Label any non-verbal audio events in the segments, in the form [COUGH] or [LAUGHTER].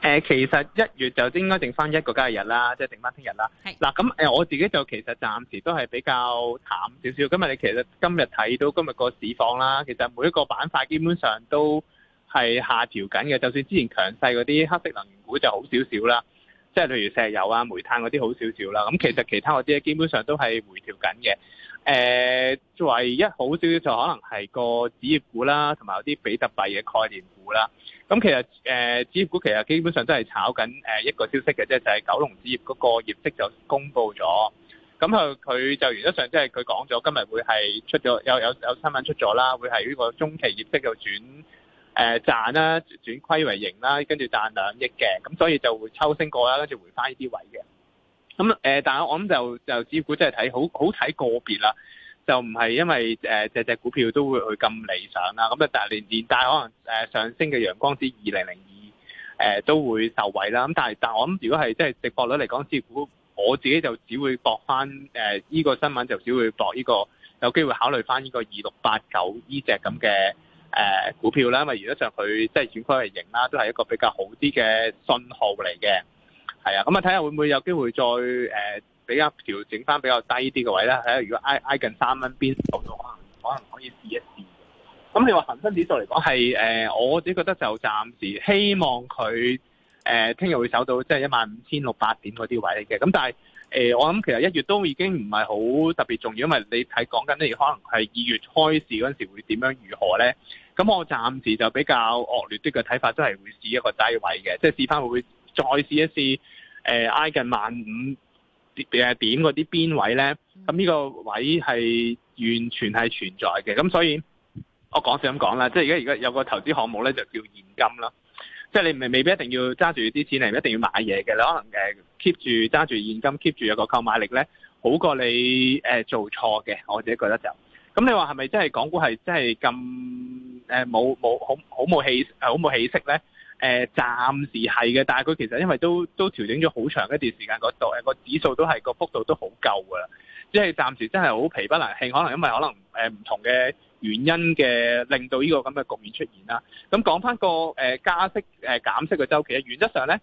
嗱，其實一月就應該剩返一個交易日啦，即係剩返聽日啦。係是。嗱，咁誒我自己就其實暫時都係比較淡少少。今日你其實今日睇到今日個市況啦，其實每一個板塊基本上都係下調緊嘅。就算之前強勢嗰啲黑色能源股就好少少啦，即係例如石油啊、煤炭嗰啲好少少啦。咁其實其他嗰啲基本上都係回調緊嘅。誒、呃，唯一好少少就可能係個紙業股啦，同埋有啲比特幣嘅概念股啦。咁其實誒、呃，置業股其實基本上都係炒緊誒一個消息嘅，即係就係、是、九龍置業嗰個業績就公布咗。咁佢佢就原則上即係佢講咗，今日會係出咗有有有新聞出咗啦，會係呢個中期業績就轉誒、呃、賺啦，轉虧為盈啦，跟住賺兩億嘅。咁所以就會抽升過啦，跟住回翻呢啲位嘅。咁誒、呃，但係我諗就就置業股真係睇好好睇個別啦。就唔係因為誒隻隻股票都會去咁理想啦，咁啊，但係連連帶可能誒上升嘅陽光紙二零零二誒都會受惠啦。咁但係，但係我諗如果係即係值博率嚟講，似乎我自己就只會博翻誒依個新聞，就只會博呢個有機會考慮翻呢個二六八九依隻咁嘅誒股票啦。因為如果上佢即係轉虧為盈啦，都係一個比較好啲嘅信號嚟嘅。係啊，咁啊睇下會唔會有機會再誒。呃比較調整翻比較低啲嘅位咧，睇如果挨挨近三蚊邊守到，可能可能可以試一試。咁你話恒生指數嚟講係誒，我自己覺得就暫時希望佢誒聽日會守到即係一萬五千六百點嗰啲位嚟嘅。咁但係誒、呃，我諗其實一月都已經唔係好特別重要，因為你睇講緊呢，可能係二月開市嗰陣時會點樣如何咧。咁我暫時就比較惡劣啲嘅睇法，都係會試一個低位嘅，即係試翻會,會再試一試誒、呃、挨近萬五。特別係點嗰啲邊位咧？咁呢個位係完全係存在嘅。咁所以我講先咁講啦，即係而家而家有個投資項目咧，就叫現金啦。即係你未未必一定要揸住啲錢嚟，一定要買嘢嘅。你可能誒 keep 住揸住現金，keep 住有個購買力咧，好過你誒、呃、做錯嘅。我自己覺得就咁。你話係咪真係港股係真係咁誒冇冇好好冇氣，好冇氣息咧？誒、呃，暫時係嘅，但係佢其實因為都都調整咗好長一段時間嗰度，誒、呃、個指數都係個幅度都好夠噶啦，即係暫時真係好疲不能興，係可能因為可能誒唔同嘅原因嘅令到呢個咁嘅局面出現啦。咁講翻個誒、呃、加息誒、呃、減息嘅周期嘅，原則上咧，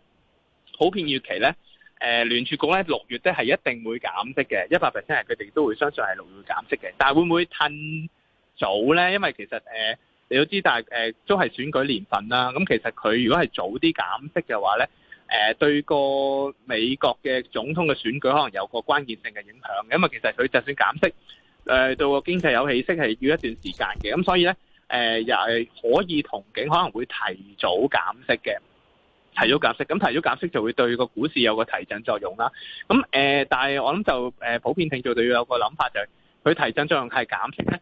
普遍預期咧，誒、呃、聯儲局咧六月咧係一定會減息嘅，一百 percent 係佢哋都會相信係六月減息嘅，但係會唔會褪早咧？因為其實誒、呃你都知，但係誒、呃、都係選舉年份啦。咁、嗯、其實佢如果係早啲減息嘅話咧，誒、呃、對個美國嘅總統嘅選舉可能有個關鍵性嘅影響嘅。因為其實佢就算減息，誒、呃、對個經濟有起色係要一段時間嘅。咁、嗯、所以咧，誒、呃、又係可以憧憬可能會提早減息嘅，提早減息。咁、嗯、提早減息就會對個股市有個提振作用啦。咁、嗯、誒、呃，但係我諗就誒、呃、普遍聽眾就要有個諗法、就是，就係佢提振作用係減息咧。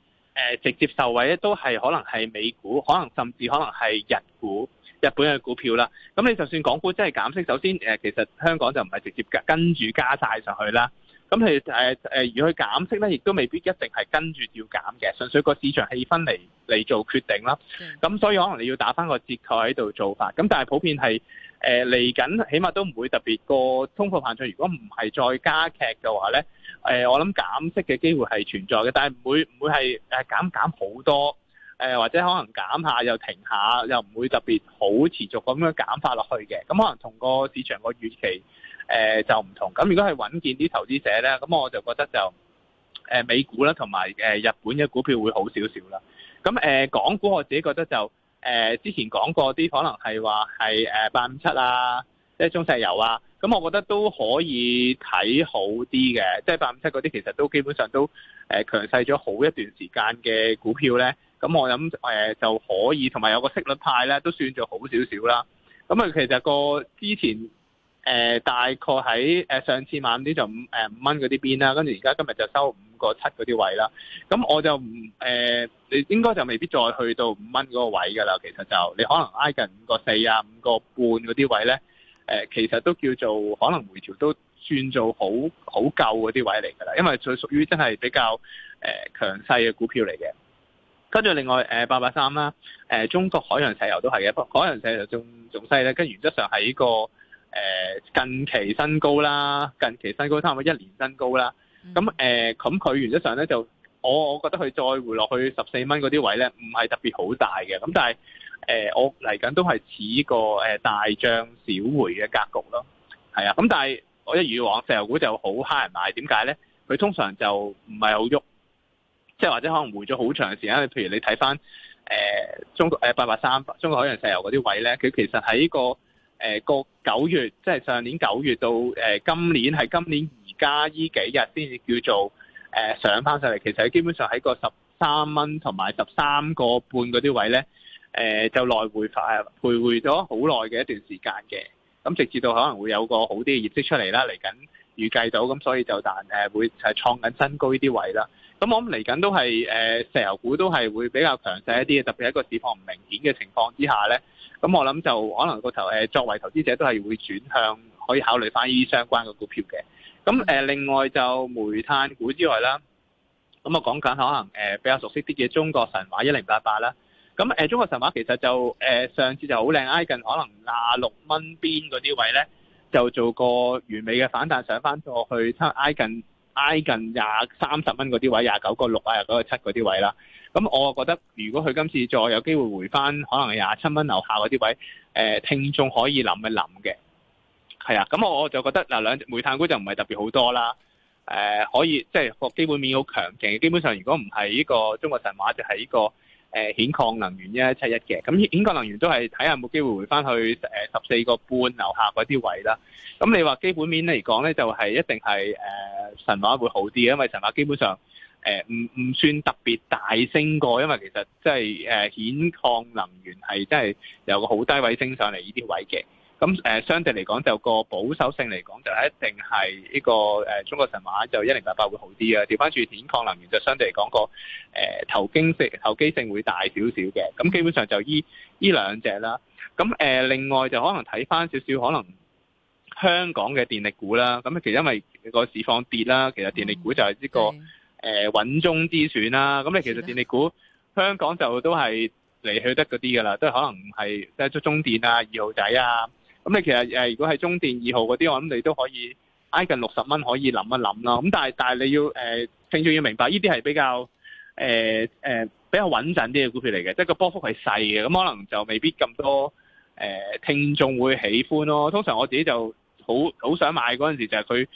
誒，直接受惠咧，都係可能係美股，可能甚至可能係日股、日本嘅股票啦。咁你就算港股真係減息，首先誒，其實香港就唔係直接跟跟住加晒上去啦。咁譬如誒誒，如果佢減息咧，亦都未必一定係跟住要減嘅，純粹個市場氣氛嚟嚟做決定啦。咁所以可能你要打翻個折扣喺度做法。咁但係普遍係。誒嚟緊，呃、起碼都唔會特別個通貨膨脹，如果唔係再加劇嘅話咧，誒、呃、我諗減息嘅機會係存在嘅，但係唔會唔會係誒減減好多，誒、呃、或者可能減下又停下，又唔會特別好持續咁樣減法落去嘅，咁、嗯、可能同個市場個預期誒、呃、就唔同。咁、嗯、如果係穩健啲投資者咧，咁、嗯、我就覺得就誒、呃、美股啦，同埋誒日本嘅股票會好少少啦。咁、嗯、誒、呃、港股我自己覺得就～誒、呃、之前講過啲可能係話係誒八五七啊，即係中石油啊，咁我覺得都可以睇好啲嘅，即係八五七嗰啲其實都基本上都誒、呃、強勢咗好一段時間嘅股票咧，咁我諗誒、呃、就可以，同埋有個息率派咧都算做好少少啦。咁啊，其實個之前誒、呃、大概喺誒上次晚啲就五誒、呃、五蚊嗰啲邊啦，跟住而家今日就收五個七嗰啲位啦，咁我就唔誒，你、呃、應該就未必再去到五蚊嗰個位噶啦。其實就你可能挨近五個四啊，五個半嗰啲位呢，誒、呃、其實都叫做可能回調都算做好好夠嗰啲位嚟噶啦，因為佢屬於真係比較誒強勢嘅股票嚟嘅。跟住另外誒八八三啦，誒、呃呃、中國海洋石油都係嘅，不過海洋石油仲仲細呢。跟原則上喺個誒、呃、近期新高啦，近期新高差唔多一年新高啦。咁誒，咁佢、嗯嗯呃、原則上咧就，我我覺得佢再回落去十四蚊嗰啲位咧，唔係特別好大嘅。咁但係誒、呃，我嚟緊都係似個誒、呃、大漲小回嘅格局咯。係啊，咁但係我一如往石油股就好恰人買，點解咧？佢通常就唔係好喐，即係或者可能回咗好長時間。譬如你睇翻誒中誒八八三，呃、300，中國海洋石油嗰啲位咧，佢其實喺個。誒個九月，即係上年九月到誒、呃、今年，係今年而家依幾日先至叫做誒、呃、上返上嚟。其實基本上喺個十三蚊同埋十三個半嗰啲位咧，誒、呃、就來回快徘徊咗好耐嘅一段時間嘅。咁直至到可能會有個好啲嘅業績出嚟啦，嚟緊。預計到咁，所以就但誒、呃、會係創緊新高呢啲位啦。咁我諗嚟緊都係誒、呃、石油股都係會比較強勢一啲嘅，特別喺個市況唔明顯嘅情況之下咧。咁我諗就可能個頭誒作為投資者都係會轉向可以考慮翻呢啲相關嘅股票嘅。咁誒、呃、另外就煤炭股之外啦，咁我講緊可能誒比較熟悉啲嘅中國神華一零八八啦。咁誒、呃、中國神華其實就誒、呃、上次就好靚，挨近可能廿六蚊邊嗰啲位咧。就做個完美嘅反彈，上翻過去差挨近挨近廿三十蚊嗰啲位，廿九個六啊，廿九個七嗰啲位啦。咁我覺得，如果佢今次再有機會回翻，可能係廿七蚊樓下嗰啲位，誒、呃、聽眾可以諗一諗嘅。係啊，咁我就覺得嗱，兩隻、呃、煤炭股就唔係特別好多啦。誒、呃，可以即係個基本面好強勁，基本上如果唔係呢個中國神話，就係呢個。誒，顯礦、呃、能源一一七一嘅，咁顯礦能源都係睇下有冇機會回翻去誒十四個半樓下嗰啲位啦。咁、嗯、你基、呃、話，話基本面嚟講咧，就係一定係誒神華會好啲，因為神華基本上誒唔唔算特別大升過，因為其實即係誒顯礦能源係真係有個好低位升上嚟呢啲位嘅。咁誒，相對嚟講，就個保守性嚟講，就一定係呢、這個誒、呃、中國神華就一零八八會好啲啊！調翻轉兗礦能源就相對嚟講個誒投機性、投機性會大少少嘅。咁基本上就呢呢兩隻啦。咁誒、呃，另外就可能睇翻少少，可能香港嘅電力股啦。咁其實因為個市況跌啦，其實電力股就係呢、這個誒穩、嗯呃、中之選啦。咁你其實電力股的香港就都係嚟去得嗰啲㗎啦，都係可能唔係即係中電啊、二號仔啊。咁你、嗯、其實誒，如果係中電二號嗰啲，我諗你都可以挨近六十蚊，可以諗一諗啦。咁但係但係你要誒，聽、呃、眾要明白，呢啲係比較誒誒、呃呃、比較穩陣啲嘅股票嚟嘅，即係個波幅係細嘅，咁、嗯、可能就未必咁多誒、呃、聽眾會喜歡咯。通常我自己就好好想買嗰陣時就，就係佢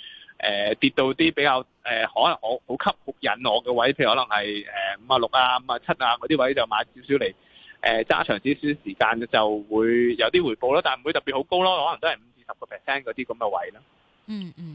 誒跌到啲比較誒、呃、可能好好吸引我嘅位，譬如可能係誒五啊六啊、五啊七啊嗰啲位就買少少嚟。誒揸長少少時間，呃、就會有啲回報咯，但唔會特別好高咯，可能都係五至十個 percent 嗰啲咁嘅位咯、嗯。嗯嗯。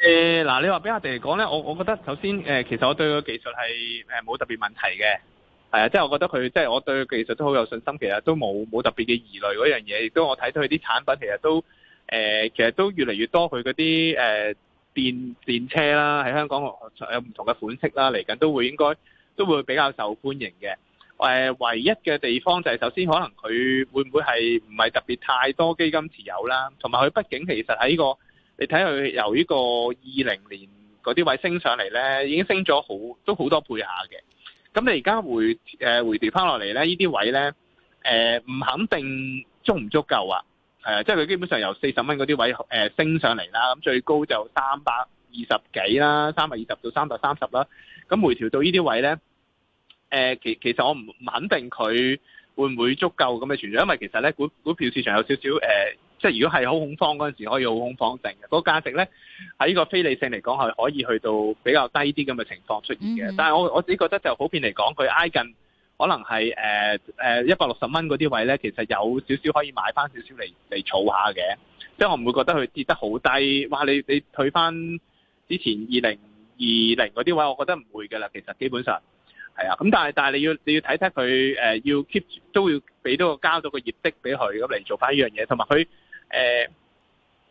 誒、嗱、呃，你話俾阿迪嚟講咧，我我覺得首先，誒、呃，其實我對個技術係誒冇特別問題嘅。係啊，即係我覺得佢，即係我對佢技術都好有信心，其實都冇冇特別嘅疑慮嗰樣嘢。亦都我睇到佢啲產品，其實都誒、呃，其實都越嚟越多佢嗰啲誒電電車啦，喺香港有唔同嘅款式啦，嚟緊都會應該都會比較受歡迎嘅。誒、呃，唯一嘅地方就係首先可能佢會唔會係唔係特別太多基金持有啦，同埋佢畢竟其實喺呢、這個。你睇佢由呢個二零年嗰啲位升上嚟咧，已經升咗好都好多倍下嘅。咁你而家回誒、呃、回調翻落嚟咧，呢啲位咧誒唔肯定足唔足夠啊？誒、呃，即係佢基本上由四十蚊嗰啲位誒升上嚟啦，咁、呃、最高就三百二十幾啦，三百二十到三百三十啦。咁、嗯、回調到呢啲位咧，誒、呃、其其實我唔唔肯定佢會唔會足夠咁嘅存在，因為其實咧股股票市場有少少誒。呃即係如果係好恐慌嗰陣時，可以好恐慌性嘅個價值咧，喺呢個非理性嚟講係可以去到比較低啲咁嘅情況出現嘅。Mm hmm. 但係我我自己覺得就普遍嚟講，佢挨近可能係誒誒一百六十蚊嗰啲位咧，其實有少少可以買翻少少嚟嚟儲下嘅。即係我唔會覺得佢跌得好低。哇！你你退翻之前二零二零嗰啲位，我覺得唔會㗎啦。其實基本上係啊。咁但係但係你要你要睇睇佢誒要 keep 都要俾到個交咗個業績俾佢咁嚟做翻呢樣嘢，同埋佢。誒，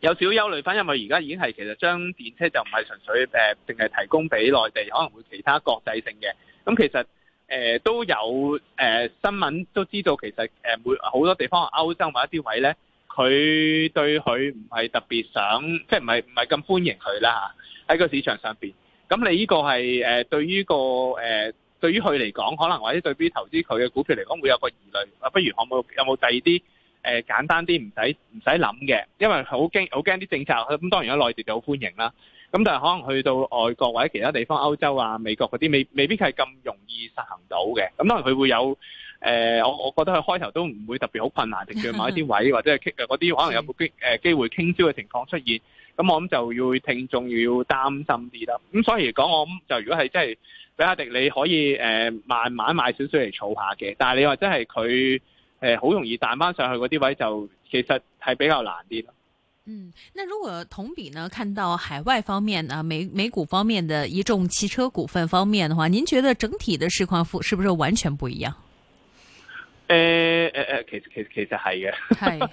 [MUSIC] 有少少憂慮翻，因為而家已經係其實將電車就唔係純粹誒，淨係提供俾內地，可能會其他國際性嘅。咁其實誒、呃、都有誒、呃、新聞都知道，其實誒每好多地方歐洲某一啲位咧，佢對佢唔係特別想，即係唔係唔係咁歡迎佢啦吓。喺個市場上邊，咁你呢個係誒對於個誒、呃、對於佢嚟講，可能或者對於投資佢嘅股票嚟講，會有個疑慮。啊，不如我冇有冇第二啲？誒簡單啲唔使唔使諗嘅，因為好驚好驚啲政策。咁當然喺內地就好歡迎啦。咁但係可能去到外國或者其他地方，歐洲啊、美國嗰啲，未未必係咁容易實行到嘅。咁當然佢會有誒，我、呃、我覺得佢開頭都唔會特別好困難，直接買一啲位或者係傾嗰啲，可能有個機誒機會傾銷嘅情況出現。咁 [LAUGHS] 是我諗就要聽眾要擔心啲啦。咁所以嚟講，我諗就如果係真係，比亞迪你可以誒、呃、慢慢買少少嚟儲下嘅。但係你話真係佢。誒，好容易彈翻上去嗰啲位就其實係比較難啲咯。嗯，那如果同比呢，看到海外方面啊，美美股方面的一眾汽車股份方面的話，您覺得整體的市況是不是完全不一樣？誒誒誒，其實其實其實係嘅，係啊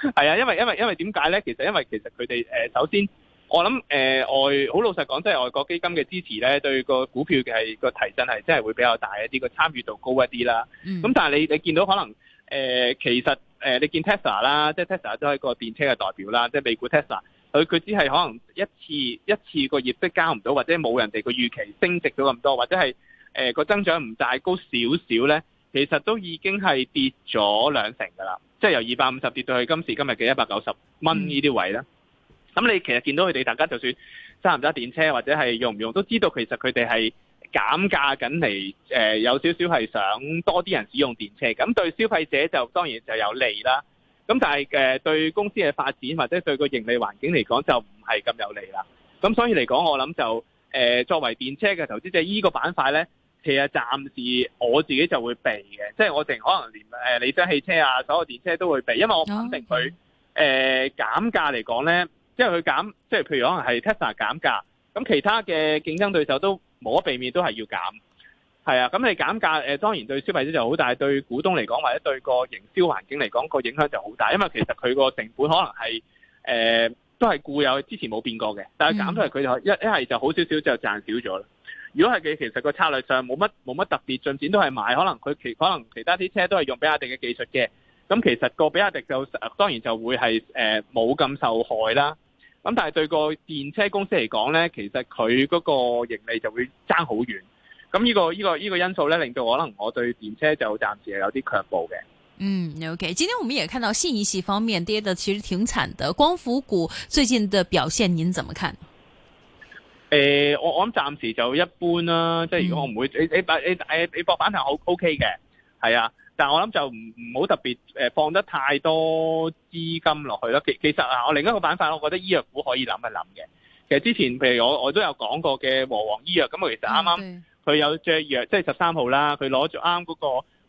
是，係 [LAUGHS] 啊，因為因為因為點解呢？其實因為其實佢哋誒，首先我諗誒、呃、外，好老實講，即係外國基金嘅支持咧，對個股票嘅係個提振係真係會比較大一啲，個參與度高一啲啦。咁、嗯、但係你你見到可能。誒其實誒你見 Tesla 啦，即係 Tesla 都係一個電車嘅代表啦，即係美股 Tesla 佢佢只係可能一次一次個業績交唔到，或者冇人哋個預期升值到咁多，或者係誒個增長唔大，高少少咧，其實都已經係跌咗兩成㗎啦，即係由二百五十跌到去今時今日嘅一百九十蚊呢啲位啦。咁、嗯、你其實見到佢哋，大家就算揸唔揸電車或者係用唔用，都知道其實佢哋係。減價緊嚟，誒有少少係想多啲人使用電車，咁對消費者就當然就有利啦。咁但係誒、呃、對公司嘅發展或者對個盈利環境嚟講就唔係咁有利啦。咁所以嚟講，我諗就誒、呃、作為電車嘅投資者，依、這個板塊咧，其實暫時我自己就會避嘅，即係我淨可能連誒理想汽車啊，所有電車都會避，因為我肯定佢誒減價嚟講咧，即係佢減，即係譬如可能係 Tesla 減價，咁其他嘅競爭對手都。無可避免都係要減，係啊，咁你減價誒，當然對消費者就好，大，但係對股東嚟講或者對個營銷環境嚟講個影響就好大，因為其實佢個成本可能係誒、呃、都係固有，之前冇變過嘅，但係減咗，佢就一一係就好少少就賺少咗啦。如果係佢其實個策略上冇乜冇乜特別進展，都係買，可能佢其可能其他啲車都係用比亞迪嘅技術嘅，咁、嗯、其實個比亞迪就當然就會係誒冇咁受害啦。咁但係對個電車公司嚟講咧，其實佢嗰個盈利就會差好遠。咁、這、呢個呢、這個呢、這個因素咧，令到可能我對電車就暫時有啲強暴嘅。嗯，OK。今天我們也看到信義係方面跌得其實挺慘的，光伏股最近的表現您怎麼看？誒、呃，我我諗暫時就一般啦、啊，即係如果我唔會，嗯、你你,你,你,你,你反誒你博反彈係好 OK 嘅，係啊。但我諗就唔唔好特別誒放得太多資金落去咯。其其實啊，我另一個板塊，我覺得醫藥股可以諗一諗嘅。其實之前，譬如我我都有講過嘅和黃醫藥，咁的、那個、啊，其實啱啱佢有隻藥，即係十三號啦，佢攞咗啱嗰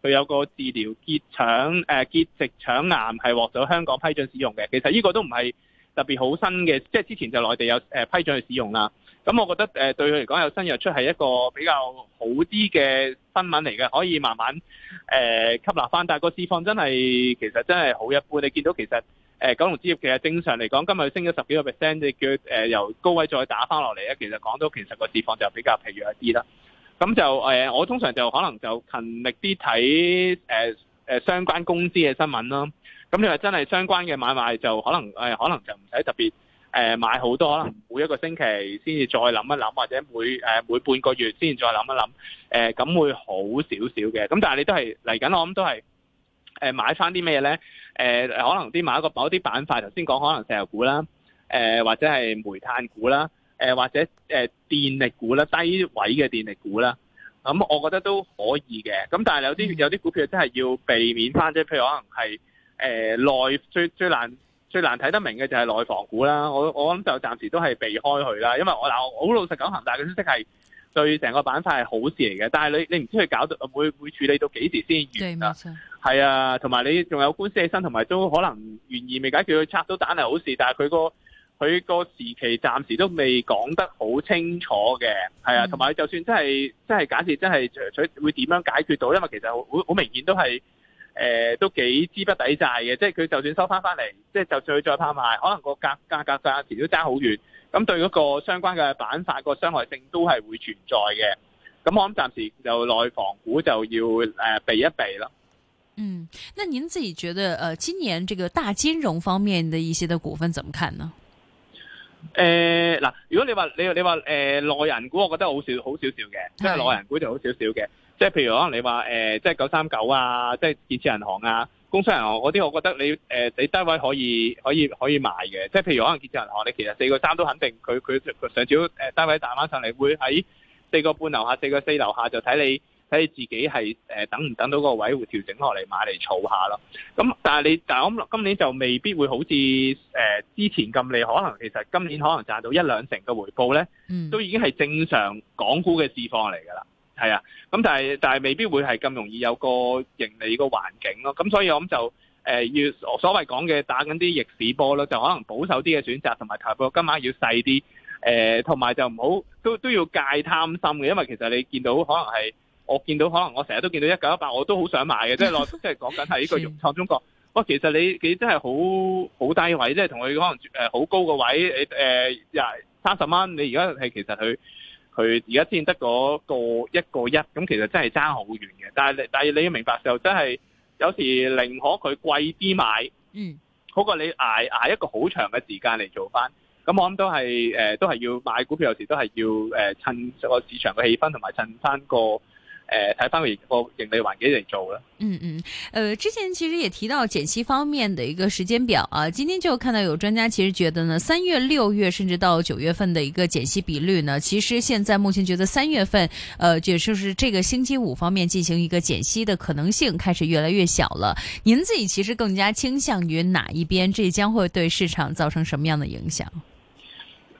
個佢有個治療結腸誒結直腸癌係獲咗香港批准使用嘅。其實呢個都唔係特別好新嘅，即係之前就內地有誒批准去使用啦。咁我覺得誒對佢嚟講有新入出係一個比較好啲嘅新聞嚟嘅，可以慢慢誒、呃、吸納翻。但係個市況真係其實真係好一般。你見到其實誒、呃、九龍置業其實正常嚟講，今日升咗十幾個 percent，你叫誒、呃、由高位再打翻落嚟咧。其實講到其實個市況就比較疲弱一啲啦。咁就誒、呃、我通常就可能就勤力啲睇誒誒相關公司嘅新聞咯。咁你話真係相關嘅買賣就可能誒、呃、可能就唔使特別。誒、呃、買好多啦，每一個星期先至再諗一諗，或者每誒、呃、每半個月先至再諗一諗，誒、呃、咁會好少少嘅。咁但係你都係嚟緊，我諗都係誒、呃、買翻啲咩咧？誒、呃、可能啲買一個某啲板塊，頭先講可能石油股啦，誒、呃、或者係煤炭股啦，誒、呃、或者誒電力股啦，低位嘅電力股啦。咁、呃、我覺得都可以嘅。咁但係有啲有啲股票真係要避免翻，即係譬如可能係誒內最最難。最難睇得明嘅就係內房股啦，我我諗就暫時都係避開佢啦，因為我嗱，我好老實講，恒大嘅消息係對成個板塊係好事嚟嘅，但係你你唔知佢搞到會會處理到幾時先完啊？係 [MUSIC] 啊，同埋你仲有官司喺身，同埋都可能懸疑未解決，拆到蛋係好事，但係佢、嗰個佢個時期暫時都未講得好清楚嘅，係啊，同埋 [MUSIC] 就算真係真係假設真係取會點樣解決到，因為其實好好明顯都係。誒，都幾資不抵債嘅，即係佢就算收翻翻嚟，即係就算佢再拍賣，可能個價價格價錢都爭好遠，咁對嗰個相關嘅板塊個傷害性都係會存在嘅。咁我諗暫時就內房股就要誒避一避咯。嗯，那您自己覺得誒今年這個大金融方面的一些的股份怎麼看呢？誒、嗯，嗱、呃嗯呃嗯呃，如果你話你你話誒、呃、內人股，我覺得好少好少少嘅，即係內人股就好少少嘅。即係譬如可能你話誒、呃，即係九三九啊，即係建設銀行啊、工商銀行嗰啲，我覺得你誒、呃、你單位可以可以可以買嘅。即係譬如可能建設銀行，你其實四個三都肯定佢佢上少誒單位彈翻上嚟，會喺四個半樓下、四個四樓下就，就睇你睇你自己係誒、呃、等唔等到個位會調整落嚟買嚟儲下咯。咁、嗯、但係你但係我諗今年就未必會好似誒、呃、之前咁利，可能其實今年可能賺到一兩成嘅回報咧，都已經係正常港股嘅市況嚟㗎啦。係啊，咁但係但係未必會係咁容易有個盈利個環境咯、啊，咁所以我諗就誒要、呃、所謂講嘅打緊啲逆市波咯，就可能保守啲嘅選擇，同埋投報金額要細啲，誒同埋就唔好都都要戒貪心嘅，因為其實你見到可能係我見到可能我成日都見到一九一八，我都好想買嘅， [LAUGHS] 即係落即係講緊係呢個融創中國，哇，其實你你真係好好低位，即係同佢可能誒好高個位誒誒廿三十蚊，你而家係其實佢。佢而家先得嗰個一個一，咁其實真係爭好遠嘅。但係，但係你要明白就真係有時寧可佢貴啲買，嗯，好過你捱捱一個好長嘅時間嚟做翻。咁我諗都係誒、呃，都係要買股票，有時都係要誒、呃、趁個市場嘅氣氛同埋趁翻個。呃，睇翻個盈利環境嚟做嘅。嗯嗯，呃，之前其實也提到減息方面的一個時間表啊，今天就看到有專家其實覺得呢，三月、六月甚至到九月份的一個減息比率呢，其實現在目前覺得三月份，呃，也就是這個星期五方面進行一個減息的可能性開始越來越小了。您自己其實更加傾向於哪一邊？這將會對市場造成什麼樣的影響？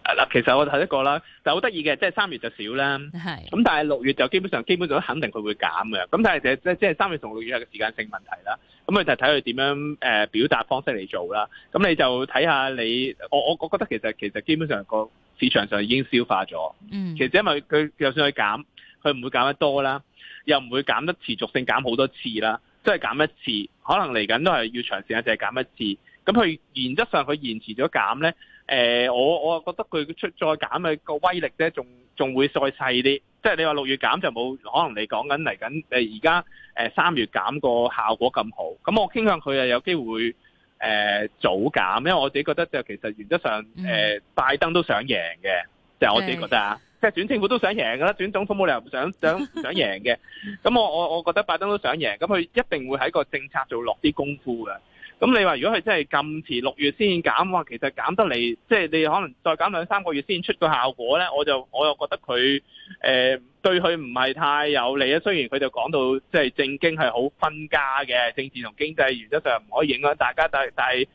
係啦，其實我睇得過啦，就好得意嘅，即係三月就少啦，咁是但係六月就基本上基本上都肯定佢會減嘅，咁但係就即係即係三月同六月係個時間性問題啦，咁佢就睇佢點樣誒表達方式嚟做啦，咁你就睇下你我我我覺得其實其實基本上個市場上已經消化咗，其實因為佢就算佢減，佢唔會減得多啦，又唔會減得持續性減好多次啦，即係減一次，可能嚟緊都係要長時間，淨係減一次，咁佢原則上佢延遲咗減咧。誒、呃，我我覺得佢出再減嘅個威力咧，仲仲會再細啲。即係你話六月減就冇可能，你講緊嚟緊誒而家誒三月減個效果咁好。咁、嗯、我傾向佢係有機會誒、呃、早減，因為我自己覺得就其實原則上誒、呃，拜登都想贏嘅，嗯、就我自己覺得啊。即係轉政府都想贏嘅啦，轉總統冇理由唔想想想贏嘅。咁、 [LAUGHS] 嗯、我我我覺得拜登都想贏，咁、嗯、佢一定會喺個政策度落啲功夫嘅。咁你話如果佢真係咁遲六月先減，哇！其實減得嚟，即係你可能再減兩三個月先出個效果呢。我就我又覺得佢誒、呃、對佢唔係太有利啊。雖然佢就講到即係政經係好分家嘅政治同經濟，原則上唔可以影響大家，但但係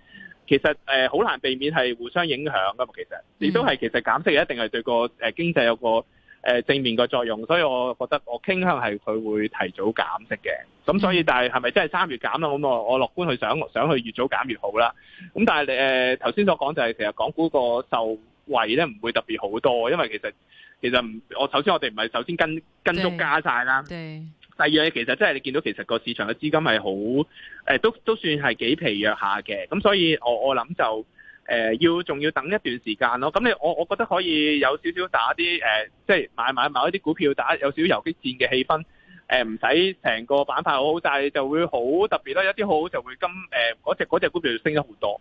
其實誒好、呃、難避免係互相影響噶嘛。其實你都係其實減息一定係對個誒經濟有個。誒、呃、正面嘅作用，所以我覺得我傾向係佢會提早減息嘅，咁所以但係係咪真係三月減啦？咁我我樂觀去想想去，越早減越好啦。咁但係你誒頭先所講就係、是、其實港股個受惠咧唔會特別好多，因為其實其實唔我首先我哋唔係首先跟跟足加晒啦。第二樣嘢其實真係你見到其實個市場嘅資金係好誒都都算係幾疲弱下嘅，咁所以我我諗就。誒，要仲要等一段時間咯。咁、嗯、你我，我覺得可以有少少打啲，誒、呃，即係買買買一啲股票打，打有少少遊擊戰嘅氣氛。誒、呃，唔使成個板塊好好，但係就會好特別咯。一啲好，好就會金，誒、呃，嗰隻隻，隻股票升咗好多。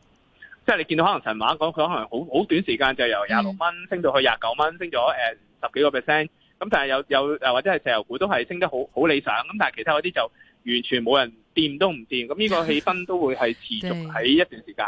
即係你見到可能神話講佢可能好好短時間就由廿六蚊升到去廿九蚊，升咗誒十幾個 percent。咁但係有又或者係石油股都係升得好好理想。咁但係其他嗰啲就完全冇人掂都唔掂。咁、嗯、呢、呢個氣氛都會係持續喺一段時間。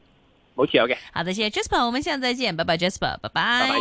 OK，OK，好的，謝謝 Jasper，我們下次再見，拜拜，Jasper，拜拜。